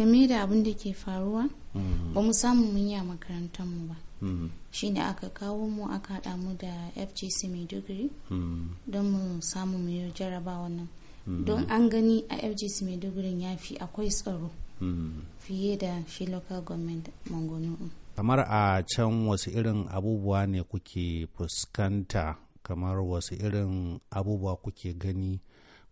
game da abin da ke faruwa mm-hmm. ba mu samu mun yi a makarantar mu ba mm-hmm. shi ne aka kawo mu aka haɗa mu da fgc maiduguri mm-hmm. don mu samu mu yi jarabawa nan don an gani a fgc maiduguri ya fi akwai tsaro fiye da shi local government mangonu kamar a can wasu irin abubuwa ne kuke fuskanta kamar wasu irin abubuwa kuke gani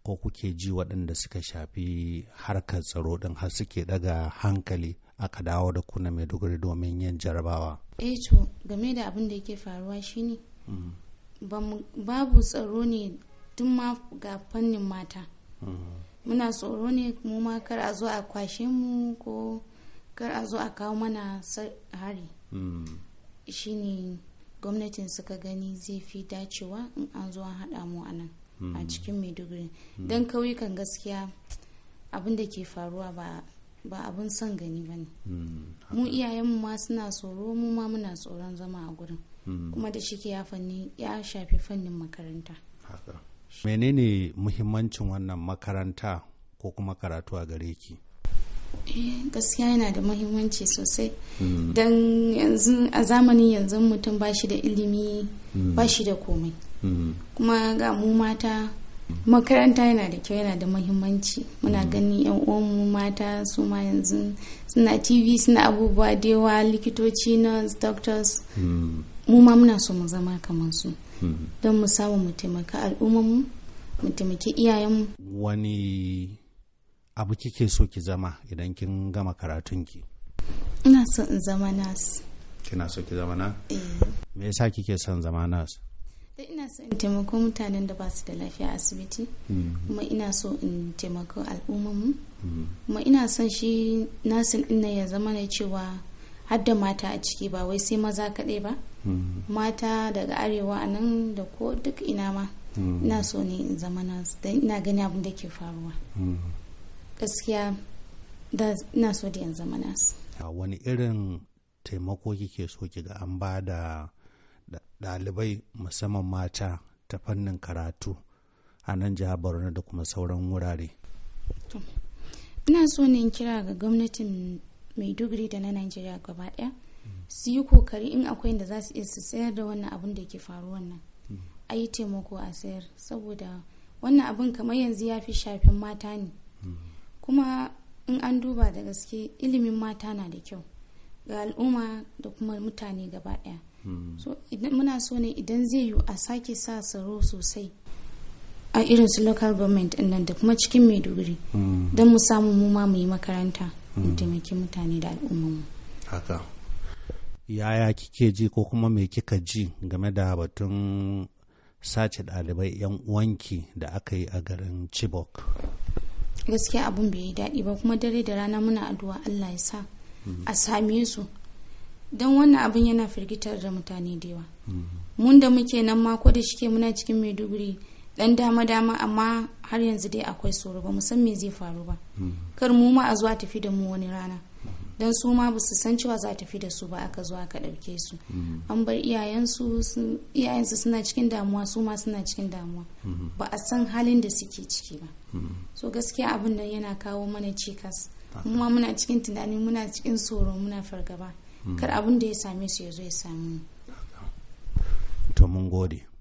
ko kuke ji waɗanda suka shafi harkar tsaro ɗin har suke daga hankali aka dawo da kuna maiduguri domin yin jarabawa e to game da abin da yake faruwa shine babu tsaro ne tun ma ga fannin mata muna tsoro ne mu ma kar a zo a kwashe mu ko kar a zo a kawo mana hari shine gwamnatin suka gani zai fi dacewa in an zo an haɗa mu a nan a hmm. cikin maiduguri don hmm. kauyukan gaskiya abin da ke faruwa ba abin son gani ba ne hmm, mu iyayenmu ma suna tsoro mu ma muna tsoron zama a gurin kuma da shike ya ya shafi fannin makaranta menene muhimmancin wannan makaranta ko kuma karatu a gare ki eh, gaskiya yana da muhimmanci sosai don yanzu a zamanin yanzu mutum ba shi da ilimi ba shi da komai kuma ga mu mata makaranta yana da kyau yana da mahimmanci muna mm. gani yan mu mata su ma yanzu suna tv suna abubuwa da yawa likitoci nurse doctors mm. mu ma muna so mu zama kamar su mm. don mu samu mu taimaka al'ummarmu mu taimaki iyayenmu wani abu kike so ki zama idan kin gama karatunki ina so in zama nurse kina so ki zama na eh. me yasa kike son zama nurse da ina so in taimako mutanen da ba su da lafiya asibiti mm. kuma ina so in taimako al'ummanmu mm. kuma ina son shi nasin ina ya zama ne cewa hadda mata a ciki ba wai sai maza kaɗai ba mm. mata daga arewa a nan da ko duk ina ma ina so ne in zama nasu don ina gani abin da ke faruwa gaskiya da ina so da in zama nasu wani irin taimako kike so ki ga an ba da dalibai musamman mata ta fannin karatu a nan jihar borno da kuma sauran wurare ina so ne kira ga gwamnatin maiduguri da na nigeria gaba ɗaya su yi kokari in akwai da za su iya su sayar da wannan abin da ke faruwa nan a yi taimako a sayar saboda wannan abin kamar yanzu ya fi shafin mata ne kuma in an duba da gaske ilimin mata na da kyau ga al'umma da kuma mutane gaba daya hmm. so muna so ne idan zai yiwu a sake sa tsaro sosai a irin su local government nan da kuma cikin maiduguri hmm. don mu samu mu ma mu yi makaranta mu hmm. taimaki mutane da mu haka yaya kike ji ko kuma me kika ji game da batun sace ɗalibai 'yan uwanki da aka yi a garin chibok gaskiya abun bai yi daɗi ba kuma dare da rana muna addu'a allah ya sa a same su don wannan abin yana firgitar da mutane da yawa mun da muke nan mako da shike muna cikin maiduguri dan dama dama amma har yanzu dai akwai tsoro ba san me zai faru ba kar mu ma a zuwa tafi da mu wani rana dan su ma ba su san cewa za tafi da su ba aka zuwa aka ɗauke su an bar iyayensu iyayensu suna cikin damuwa su ma suna cikin damuwa ba a san halin da suke ciki ba so gaskiya abin nan yana kawo mana cikas kuma muna cikin tunani muna cikin tsoro muna fargaba kar abin da ya same su ya zo ya same mu to mun gode